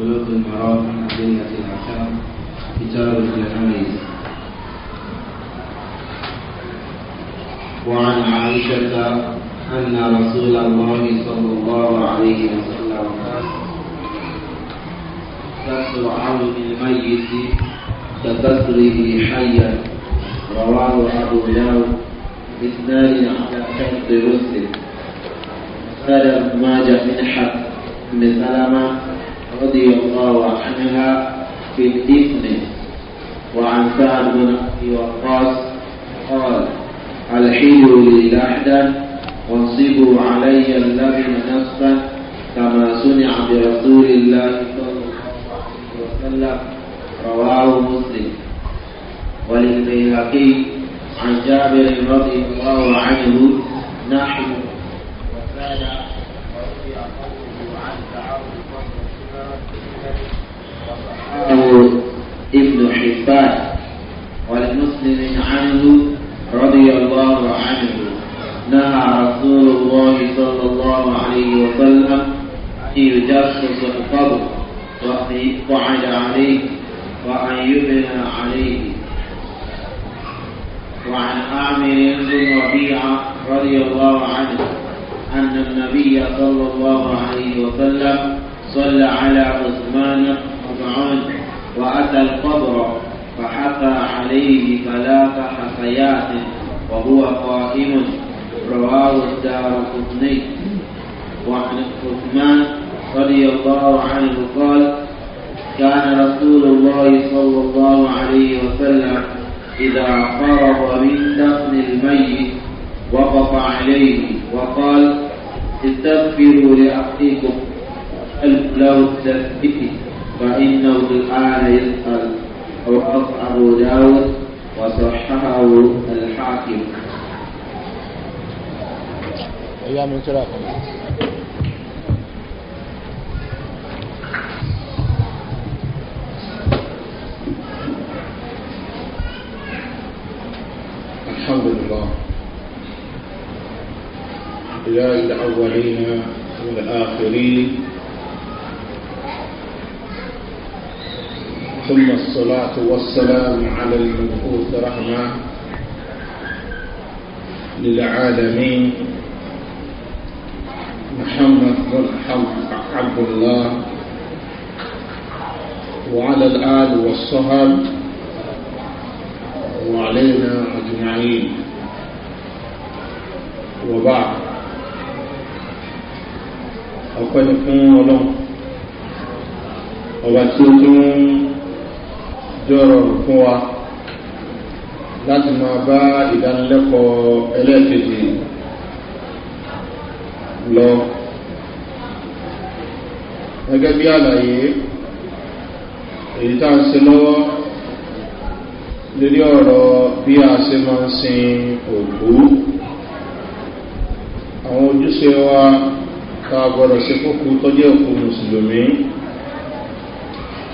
ولوط المرام عن أدلة الأحكام كتاب الجنائز وعن عائشة أن رسول الله صلى الله عليه وسلم قال كسر عون الميت كتسره حيا رواه أبو داود باثنان على شرط رسل قال ابن ماجه من حق بن سلمة رضي الله عنها في الإثم وعن سعد بن أبي وقاص قال الحيل للاحدى وانصبوا علي اللبن نصفا كما صنع برسول الله صلى الله عليه وسلم رواه مسلم وللبيهقي عن جابر رضي الله عنه نحن وكان ورفع قوله عن تعرض ابن حبان والمسلم عنه رضي الله عنه نهى رسول الله صلى الله عليه وسلم أن يجسس القبر وأن يقعد عليه وأن يبنى عليه وعن عامر بن ربيعة رضي الله عنه أن النبي صلى الله عليه وسلم صلى على عثمان طبعان وأتى القبر فحكى عليه ثلاث حكيات وهو قائم رواه الدار قطني وعن عثمان رضي الله عنه قال كان رسول الله صلى الله عليه وسلم إذا فرغ من دفن الميت وقف عليه وقال استغفروا لأخيكم ألف لو تثبتي فإنه الآن يسأل أو أصعب داود وصححه الحاكم أيام انطلاق الحمد لله إله الأولين والآخرين ثم الصلاة والسلام على المبعوث رحمة للعالمين محمد بن عبد الله وعلى الآل والصحب وعلينا أجمعين وبعد أقول لكم ولو ọba jọ rọrùn fún wa láti máa bá ìdánilẹ́kọ̀ọ́ ẹlẹ́ẹ̀kejì lọ gẹ́gẹ́ bí àlàyé èyí tá ń se lọ́wọ́ lórí ọ̀rọ̀ bí a se máa ń sin òkú àwọn ojúṣe wa ta gbọ́dọ̀ se kókú tọ́jú òkú mùsùlùmí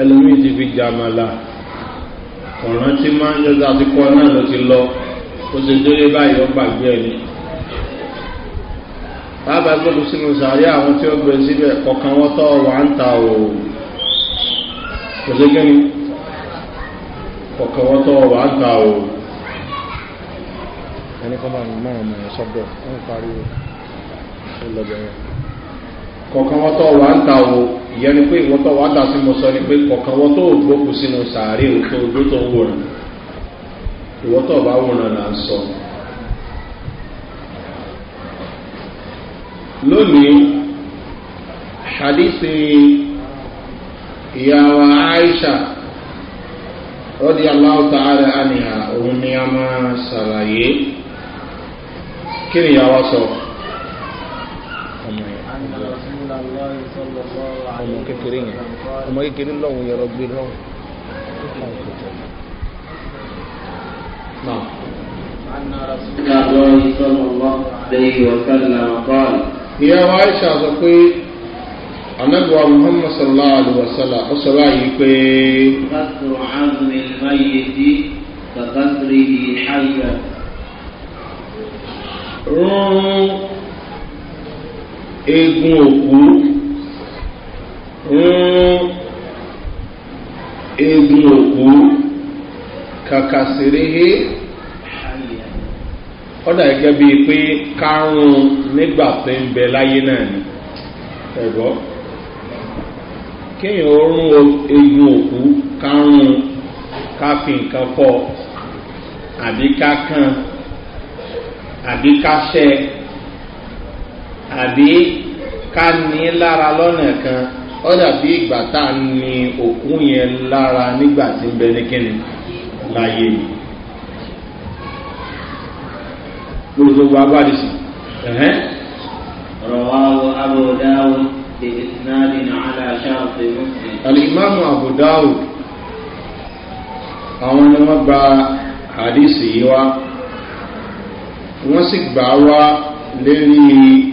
ẹlòmíì ti fi jàmàlà ọ̀ràn tí máa ń jọ́sà ti kọ́ náà ló ti lọ ó ti délé báyìí ó gbàgbé ẹ̀ ni. bàbá gbọ́dọ̀ sínú sàárẹ̀ àwọn tí ó gbé síbẹ̀ kọ̀ọ̀kan wọ́n tọ́ wà ń ta o kò sí kíni kọ̀ọ̀kan wọ́n tọ́ wà ń ta o. ẹni kan máa ń mọ̀ ọ́n sọ́gbọ̀n wọ́n ń pariwo ó lọ bẹ̀rẹ̀ kọ̀ọ̀kan wọ́n tọ́ wà ń ta o ìyẹn ni pé ìwọ́n tọ́ wà ń ta sí mo sọ ni pé kọ̀ọ̀kan wọ́n tó gbókù sínú sàárè òtó ojú tó ń wòrán ìwọ́n tọ́ bá wòrán là ń sọ. lónìí hadithi ìyàwó aisha rọ́dí aláwọ̀ta ara àníhà òun ni a máa ṣàlàyé kí ni ìyàwó sọ ọmọ kékeré yẹn ọmọ kékeré lọ́hùn yọrọ gbé lọ́hùn. أن رسول الله صلى الله عليه وسلم قال يا عائشة زكي anabu wa muhammad sallallahu alaihi wa sallam ó sọ báyìí pé. kásìrò azmi mayeti kàkásìrì ìhàyà. rún eegun òkú hmm, eegun òkú kàkàsíríhé ọ̀dà gẹ́gẹ́ bíi pé kárùn-ún nígbà tó ń bẹ láyé náà ni ẹ̀gbọ́ kéèyàn orún eegun òkú kárùn-ún ká fi nǹkan fọ àbí kan àbí ṣẹ́ àbí ká ní lára lọ́nà kan ó dàbí ìgbà tá a ní òkú yẹn lára nígbà tí ń bẹ ní kíni láyé mi. gbogbo agbáde sí. rọ̀wáwọ̀ abúdáwò ti ìsinádi aláṣáàfẹ́ mọ́sílẹ̀. alìmáàmù abúdáwò àwọn ni wọ́n gba àdìsí yìí wá wọ́n sì gbà wá lérí.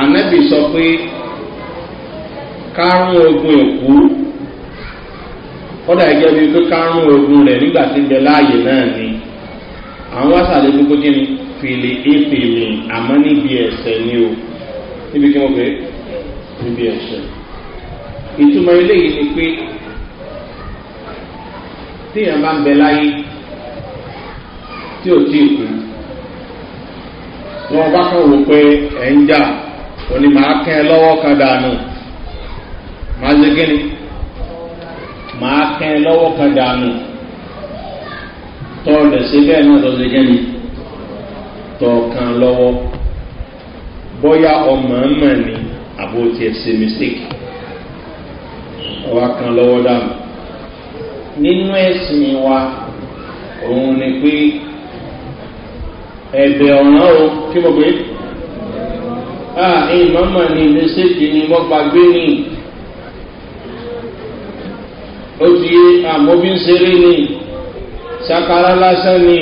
anabi sọ pé kárùn ogun èkú kọ́dà ẹgbẹ́ bíi pé kárùn ogun rẹ̀ nígbà tí bẹ láàyè náà ni àwọn wá sàlẹ̀ gbogbo kí ni fìlì ìfìlì àmọ́ níbi ẹ̀sẹ̀ ni o níbi kí wọ́n pè é níbi ẹ̀sẹ̀ ìtumọ̀ eléyìí ni pé téèyàn bá ń bẹ láyé tí ò tí ì kú wọn bá kàn wò pé ẹ̀ ń jà. oni maa kɛ ka daanu maa ze gini maa kɛ ka daanu tɔ dɛsɛ bɛɛ na tɔ ze gini tɔ kan lɔwɔ bọya o maama ni a b'o mistik, se mistake o wa kan lɔwɔ daanu ninu ɛsini wa òun ni pé ɛbɛ ɔnà o kí n bɔ ìmọ̀mọ̀ ah, ni mẹ́sẹ̀kì ni wọ́n gbàgbé ni ó ti àmóbí ń seré ni sakara lásán ni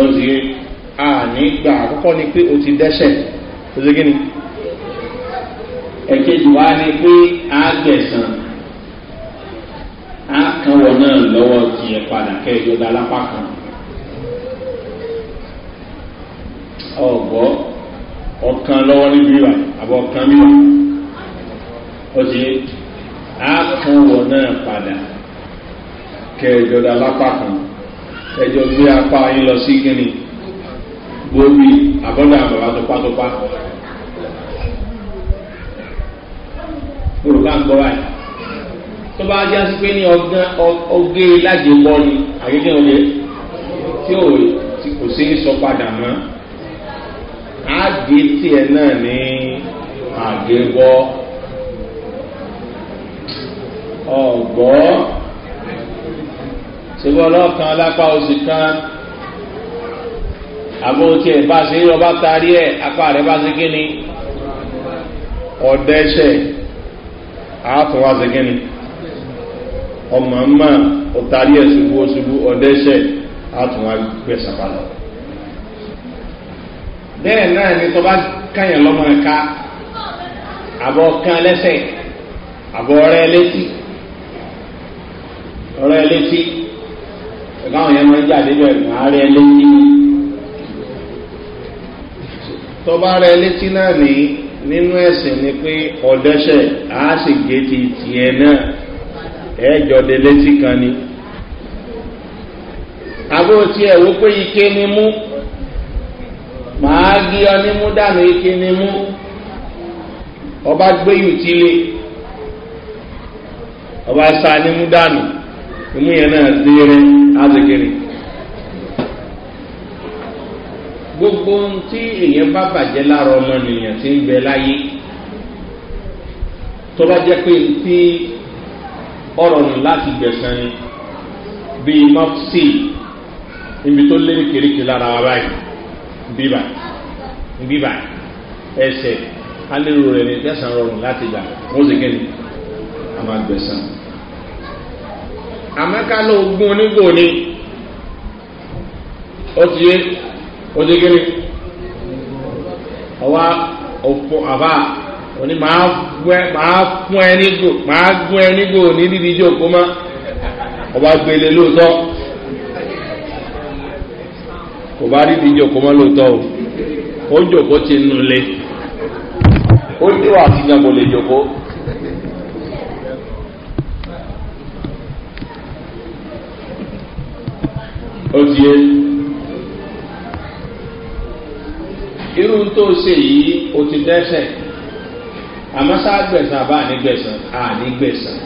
ó ti àní gbà àkọ́kọ́ ni pé o ti dẹ́sẹ̀ ó ti gíní ẹ̀kejì wá ni pé àgbẹ̀sán á kan wọ̀ náà lọ́wọ́ tiẹ̀ padà kẹ́ ẹ̀jọ̀ dá lápá kan. ọ̀gbọ́ ọ̀kan lọ́wọ́ níbi rà àbọ̀ ọ̀kan mìíràn ó ti àkànwọ̀ náà padà kẹjọdà lápá kan ẹjọ gbé apá yín lọ sí kíni gbòógì àbọ̀dà bàbá tọpátọpá olùkọ́ àgbọ̀ báyìí tó bá já sí pé ní ọgẹ́ lájẹ̀bọ́ ni àgẹ́gẹ́ òye tí kò sí sọ padà mọ́ àgé tiẹ̀ náà ní àgé bọ́ ọ̀gbọ́ ṣùgbọ́n ọlọ́kan lápá oṣù kan àmọ́ tí ẹ̀ bá ṣe ọba tarí ẹ̀ apá rẹ̀ bá ṣe kíni ọ̀dẹ́ṣẹ̀ àátún wá ṣe kíni ọmọ mọ́ ọ̀tarí ẹ̀ ṣubú ṣubú ọ̀dẹ́ṣẹ̀ àátún wá gbẹ̀sán padà. bẹ́ẹ̀ náà ni tọ́ba káyàn lọ́mọ ẹ̀ka àbọ̀ kan lẹ́sẹ̀ àbọ̀ ọ̀rẹ́ létí ọ̀rẹ́ létí ẹ̀ka àwọn yẹn máa ń jáde bẹ́ẹ̀ mọ́ ààrẹ létí tọ́ba rẹ létí náà ní nínú ẹ̀sìn ni pé ọ̀dẹ́sẹ̀ á sì gé ti tiẹ̀ náà ẹ̀ẹ́jọ̀dẹ létí kan ni àbó tiẹ̀ wó pé ike ni mú. màá gé ọ nímú dànù ike ọba gbé yùtí ọba sa nímú dànù ìmú yẹn náà gbogbo ntị èèyàn bá bàjẹ́ lára ọmọ nìyẹn ti ń bẹ láyé tó jẹ́ pé tí ọ̀rọ̀ nù láti gbẹ̀sán ni bíi mọ́tì tó bíbà bíbà ẹsẹ̀ alérò rẹ̀ ní tẹ̀sán rọrùn láti gbà wọ́n sì kẹ́ni a máa gbẹ̀sán. àmọ́kálá ogún onígbò ni ó ti yé ó ti kẹ́ni ọwọ́ ọ̀pọ̀ àbá òní máa fún ẹ nígbò máa gún ẹ nígbò ní dídí ìjókòó mọ́ ọba gbélé lóòótọ́. kò bá rí ti jòkó mọ́ lóòótọ́ o ó jòkó ti nù lé ó dé wà sí gan kò lè jòkó. ó ti yé irú tó ṣe yìí o ti dẹ́sẹ̀ àmọ́ sáà gbẹ̀sán àbá ànígbẹ̀sán ànígbẹ̀sán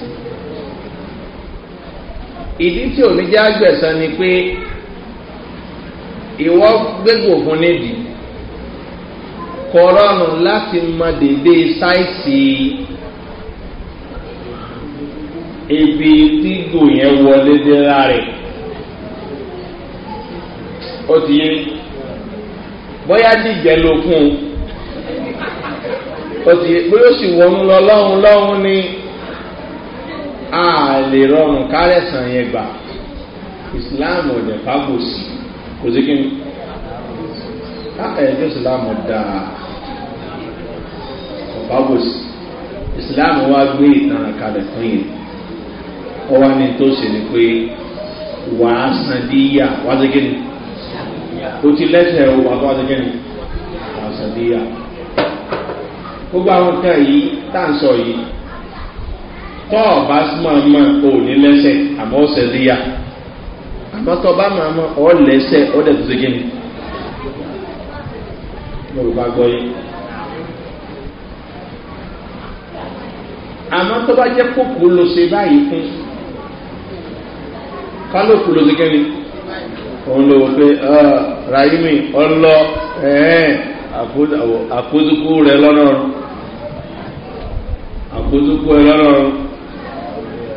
ìdí tí ò ní jẹ́ àgbẹ̀sán ni pé. ìwọ gbégbò fún nídìí kọ́rọ́nù láti mọ dédé sáìsì ibi tí gò yẹn wọlé dé láàrin ó ti yé bóyá dìjẹ́ ló fún un ó ti yé bóyá ó sì wọnú lọ lọ́hùn lọ́hùn ni a lè rọrùn kárẹ̀sán yẹn gbà ìsìláàmù ò dẹ̀ fábòsì kò sí kí ni ẹjọ́ ah, eh, ìsìláàmù dáa ọ̀bá bò sí ìsìláàmù wá gbé ìtàn kalẹ̀ fún yìí ó wá ní tó ṣe ni pé wàá san díyà wá sí kí ni o ti lẹ́sẹ̀ o wà tó wá sí kí ni wàá san díyà gbogbo àwọn nǹkan yìí tá à ń sọ yìí tọ́ bá súnmọ́ ọmọ òní lẹ́sẹ̀ àmọ́ ọ̀sẹ̀ díyà mọ́tọ́ bá máa mọ́ ọ lẹ́sẹ̀ ọ dẹ̀ tó ṣe gíní yorùbá gbọ́ yìí àmọ́ tó bá jẹ́ kókò ló ṣe báyìí fún kálòkù ló ṣe gíní òun ló wọ pé ah, rahimi ọlọ àkójúkú rẹ lọ́nà àkójúkú rẹ lọ́nà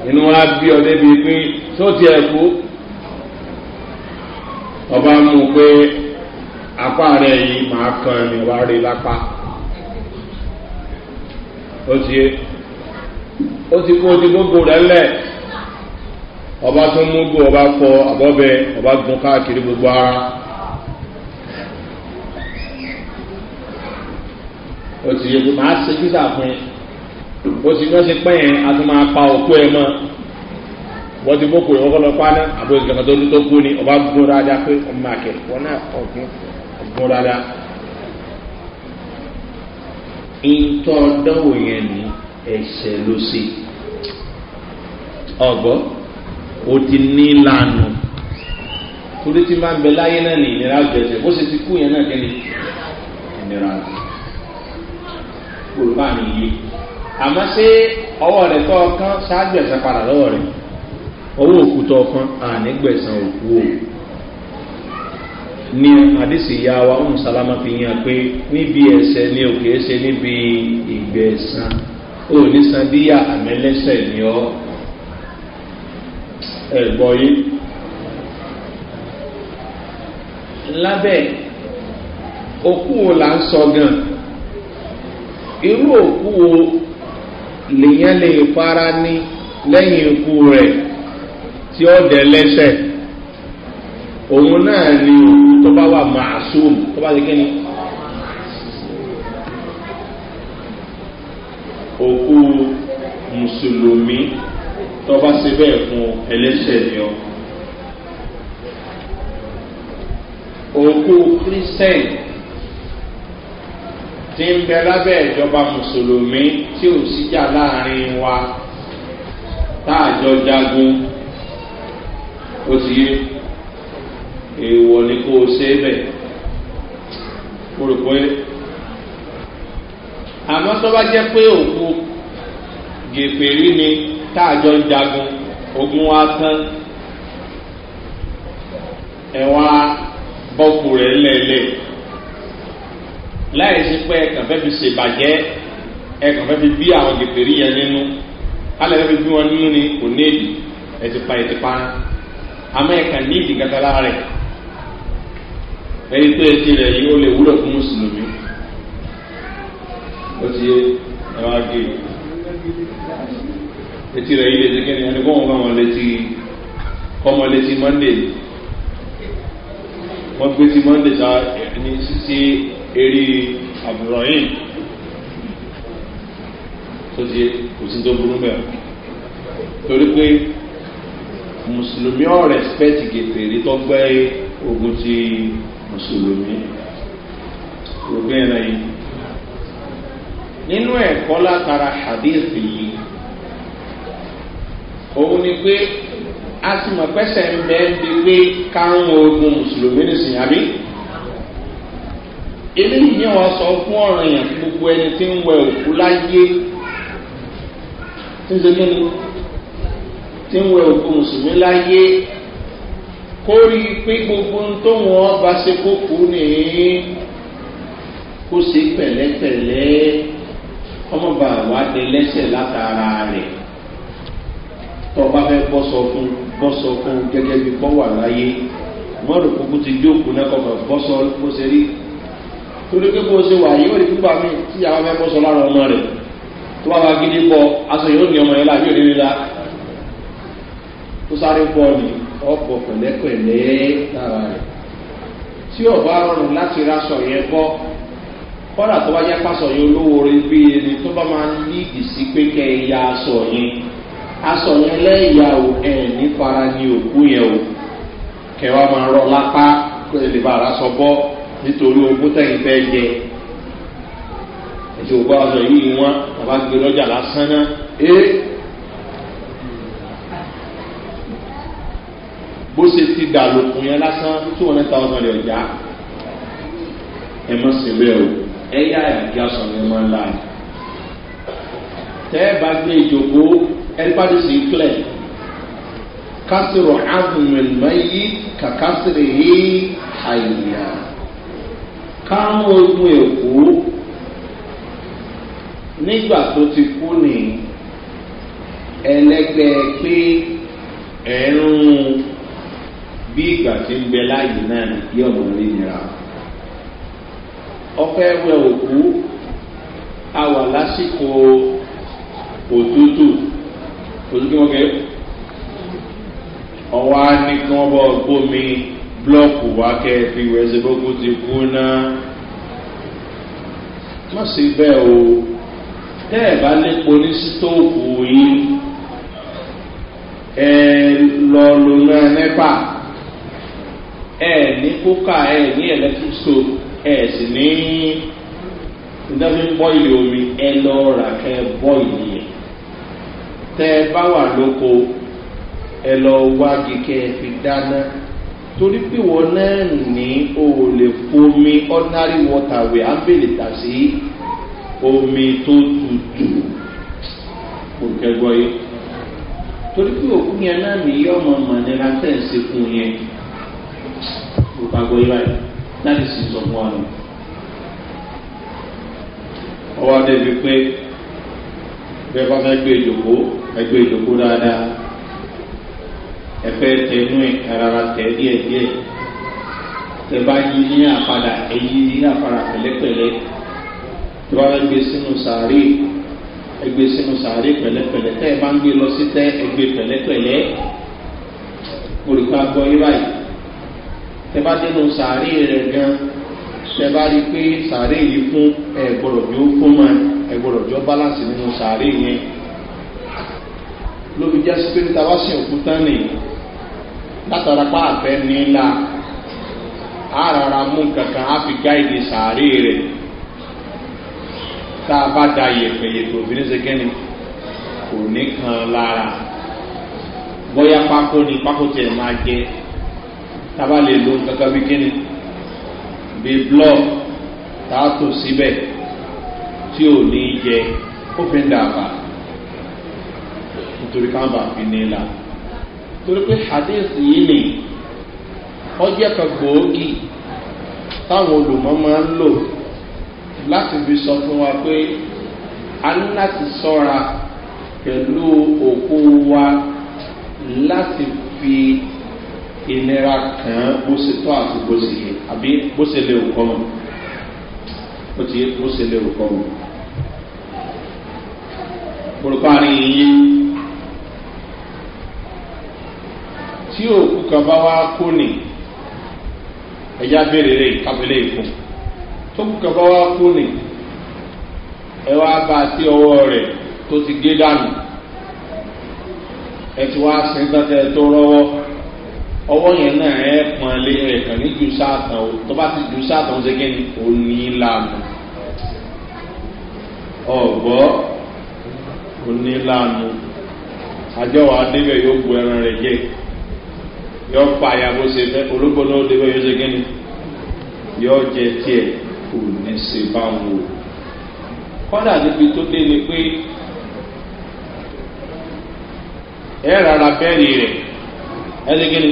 inú wa bí ọ débi pé tó ti ẹ̀ ọba mú pé apá rẹ̀ yìí máa kan ẹni wá rí lápá ó ti ó ti kó ti gbogbo rẹ̀ lẹ̀ ọba tó mú bò ọba fọ àbọ̀bẹ ọba gun káàkiri gbogbo ara. ó ti yẹ kó máa ṣe kíkà fún ó ti gbọ́n ṣe pẹ́yìn a tún máa pa òkú ẹ mọ́ wọ́n ti bókù ìwọ́n kọ́lọ́ paná àbò ìgbàgbọ́ tó ní tó kú ni ọba gún rárá pé ọmọ àkẹ́ wọn náà ọ̀gbìn gún rárá. ìtọ́ dánwò yẹn ní ẹ̀ṣẹ̀ ló ṣe ọ̀gbọ́ o ti ní lànà torí ti máa ń bẹ láyé náà ní ìnira jẹjẹ bó ṣe ti kú yẹn náà kẹ́ni ìnira olùbámi yìí àmọ́ ṣé ọwọ́ rẹ̀ tọ́ ọ kán ṣáájú ẹ̀sẹ̀ padà lọ́wọ́ rẹ̀. ọwọ́ òkú tọ́ fún ànígbẹ̀sán òkú o ní àdìsí ya wa ọ̀hún sálámà fi yàn pé níbi ẹ̀sẹ̀ ní òkè ẹ̀sẹ̀ níbi ìgbẹ̀sán ó ní sandíyà àmẹ́lẹ́sẹ̀ ni ọ ẹ̀gbọ́ yìí lábẹ́ òkú wo là ń sọ gan irú òkú wo lèyàn lè fara ní lẹ́yìn ikú rẹ̀. tí ó dẹ lẹ́sẹ̀ òun náà ni òkú tó bá wà màásùm tó bá ti kí ni òkú mùsùlùmí tó bá ṣe bẹ́ẹ̀ fún ẹlẹ́sẹ̀ ni ọ. òkú kírísítẹ́n ti ń bẹ lábẹ́ ìjọba mùsùlùmí tí ò síjà láàrin wa tá a jagun ó ti yé èèwọ̀ ni kó o ṣe é bẹ̀ mo rò àmọ́ tó bá jẹ́ pé òkú gèpèrí ni táàjọ ń jagun ogun wa tán ẹ̀wọ̀n bọ́ọ̀kù rẹ̀ lẹ́lẹ̀ láì sí pé ẹ̀kàn fẹ́ fi ṣèbàjẹ́ ẹ̀kàn fẹ́ fi bí àwọn gèpèrí yẹn nínú alẹ́ fẹ́ fi bí wọn nínú ni kò ní èdè ẹ̀ ti pa ẹ̀ ti pa rán àmọ́ ẹ̀ka ní ìdìkàtà láàrẹ̀ ẹni tó etí rẹ̀ yìí ó lè wúlò fún mùsùlùmí ó ti ẹ wá gé etí rẹ̀ yìí lè ti kẹ́ni ẹni kọ́wọ́n bá wọn létí kọ́mọ létí monday wọ́n gbé sí monday sá ní sí eré abdulrahim tó ti kò sí tó burú bẹ́ẹ̀ torí pé mùsùlùmí ọ̀ rẹ̀spẹ̀tì gèfèrè tó gbẹ́ ogun ti mùsùlùmí ògbẹ́ rẹ̀ yìí nínú ẹ̀kọ́ látara hadith yìí òun ni pé a ti mọ̀ pẹ́sẹ̀ ń bẹ́ ń bi pé kárùn ogun mùsùlùmí nìsín àbí eléyìí ni wọn sọ fún ọ̀ràn yẹn gbogbo ẹni tí ń wẹ òkú láyé ń ṣe kí ni tí ń wẹ òkú mùsùlùmí láyé kó rí i pé gbogbo ń tó wọn bá ṣe kó kú ní kó ṣe pẹ̀lẹ́pẹ̀lẹ́ ọmọọba àwádìí lẹ́sẹ̀ látara rẹ̀ tọba fẹ́ bọ́sọ fún bọ́sọ fún gẹ́gẹ́ bí kọ́ wà láyé mọ́rùn kúkú ti jókòó náà kọ́ bọ́sọ bó ṣe rí torí pé bó ṣe wà yìí ó rí pípa mi tí àwọn fẹ́ bọ́sọ lára ọmọ rẹ̀ tó bá gidi bọ́ aṣọ yóò ní ọmọ yẹn láàbí òní nílá ó sáré bọ́ ni ọkọ̀ pẹ̀lẹ́pẹ̀lẹ́ lára rẹ̀ tí ọba rọrùn láti raṣọ yẹn bọ́ kọ́dà tó bá yẹ pásọ yẹn olówó rẹ bí ẹni tó bá máa ń ní ìdìsí pé kẹ́ ẹ ya aṣọ yẹn aṣọ yẹn lẹ́yà o ẹ̀ ní fara ní òkú yẹn o kẹ́ wàá máa rọ lápá kó lè bá ara sọ bọ́ nítorí ogún tẹ̀yìn fẹ́ jẹ ẹ̀sìn òkú aṣọ yìí wọ́n bàbá gbé lọ́jà lásán náà bó ṣe ti dà lókun yẹn lásán two hundred thousand rẹ̀ já ẹ mọ̀ sí bẹ́ẹ̀ o ẹ yá ìdí asọ̀rọ̀ ẹ máa ń la ẹ̀. tẹ́ ẹ bá gbé ìjòkó everybody sì clear kásìrò àgùnmẹ̀lùmọ́ yìí kàkásìrò yìí àyà káwọn ogun èkó nígbà tó ti kú ní ẹlẹgbẹ́ pé ẹ̀rùn bí ìgbà tí ń bẹ láàyè náà ní ọ̀nà orí nira. ọpẹ́ wẹ òkú a wà lásìkò òtútù òtútù wọn kẹ ọwọ́ á ní kí wọ́n gbómi blọọkù wá kẹ́ fi wẹ̀sẹ̀ bókú ti kú náà má sì bẹ́ẹ̀ o tẹ́ ẹ̀ bá lépo ní sítóòfù yìí ẹ lọ lóná nípa. ẹ ní kókà ẹ ní electric stove ẹ sì ní ìdájọ́ bọ́ìlì omi ẹ lọ rà kẹ bọ́ìlì yẹn tẹ ẹ bá wà lóko ẹ ẹ fi dáná torí pé wọn náà ní o fomi ordinary water wẹ̀ á bèlè tà sí omi tó tutù kò kẹgbọ́ yìí torí pé òkú yẹn náà nìyí kó bá gbọ́ yíra yìí láti sìn sọ fún wa nù. ọwọ́ adébí pé bẹ́ẹ̀ bá fẹ́ gbé ìjòkó ẹgbẹ́ ìjòkó dáadáa ẹfẹ́ tẹnu ẹ̀ rárá tẹ̀ díẹ̀díẹ̀ tẹ bá yí ní àpadà èyí ní àpadà pẹ̀lẹ́pẹ̀lẹ́ tó bá fẹ́ gbé sínú sàárè ẹgbẹ́ sínú sàárè pẹ̀lẹ́pẹ̀lẹ́ tẹ́ ẹ bá ń gbé lọ sí tẹ́ ẹgbẹ́ pẹ̀lẹ́pẹ̀lẹ́ olùkọ́ àgbọ̀ yíra yìí tẹ́bá dénú sàárè rẹ̀ gan tẹ́bá rí pé sàárè yìí fún ẹ̀gbọ̀rọ̀ bí ó fún mọ́ ẹ̀gbọ̀rọ̀ bí ó bálàsì nínú sàárè yẹn lóbi jẹ́ sí pé níta wá sí òkúta nì látara pa àfẹ́ nílà àràrà mú kankan á fi gáìdì sàárè rẹ̀ tá a bá da yẹ̀pẹ̀ yẹ̀pẹ̀ obìnrin ṣe kẹ́ni kò ní kan lára bóyá pákó ni pákó tiẹ̀ máa jẹ́ tábà lè lo kankan bí kíni bí blọọ tààtò síbẹ̀ tí ò ní yẹ ó fi ń dàbà nítorí káńbà fi nílà torí pé hadith yìí ni ọjọ́ kan gbòógì táwọn olùmọ́ máa ń lò láti fi sọ fún wa pé a ní láti sọ́ra pẹ̀lú òkú wa láti fi ìnira kan bó ṣe tọ́ àti bó ṣe yẹ àbí bó ṣe lè òkọ́ mọ̀ ó ti bó ṣe lè òkọ́ mọ̀. olùkọ́ni yìí tí òkú kan bá wá kó nì ẹ̀yà béèrè rẹ̀ kábílẹ̀ ìfún tó kú kan bá wá kó nì ẹ wá bá sí ọwọ́ rẹ̀ tó ti gé dànù ẹ ti wá sí tó rọ́wọ́ ọwọ́ yẹn náà ẹ pọn lé ẹ̀kan ní ju sáàtàn o tó bá ti ju sáàtàn ṣe kí ni kò ní lànà ọ̀gbọ́ kò ní lànà àjọwò adébẹ̀ yóò bu ẹran rẹ̀ jẹ́ yóò pa àyàbò ṣe fẹ́ olóko náà débẹ̀ yóò ṣe ni yóò jẹ tiẹ̀ kò ní ṣe báwọn o kọ́dà níbi tó dé ni pé ẹ rárá bẹ́ẹ̀rì rẹ̀ ẹ ṣe ni.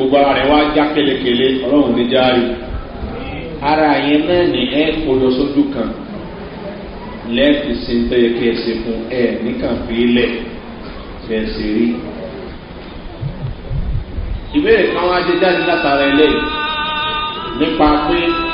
gbogbo ara rẹ̀ wá já kélekèle ọlọ́run ní járe ara yẹn náà ní ẹ kó lọ sójú kan lẹ́ẹ̀kì sí ń tẹ́yẹ kí ẹ ṣe fún ẹ níkàn fi ẹ ṣe rí. ìbéèrè kan wá dé jáde látara ẹlẹ́yìn nípa pé.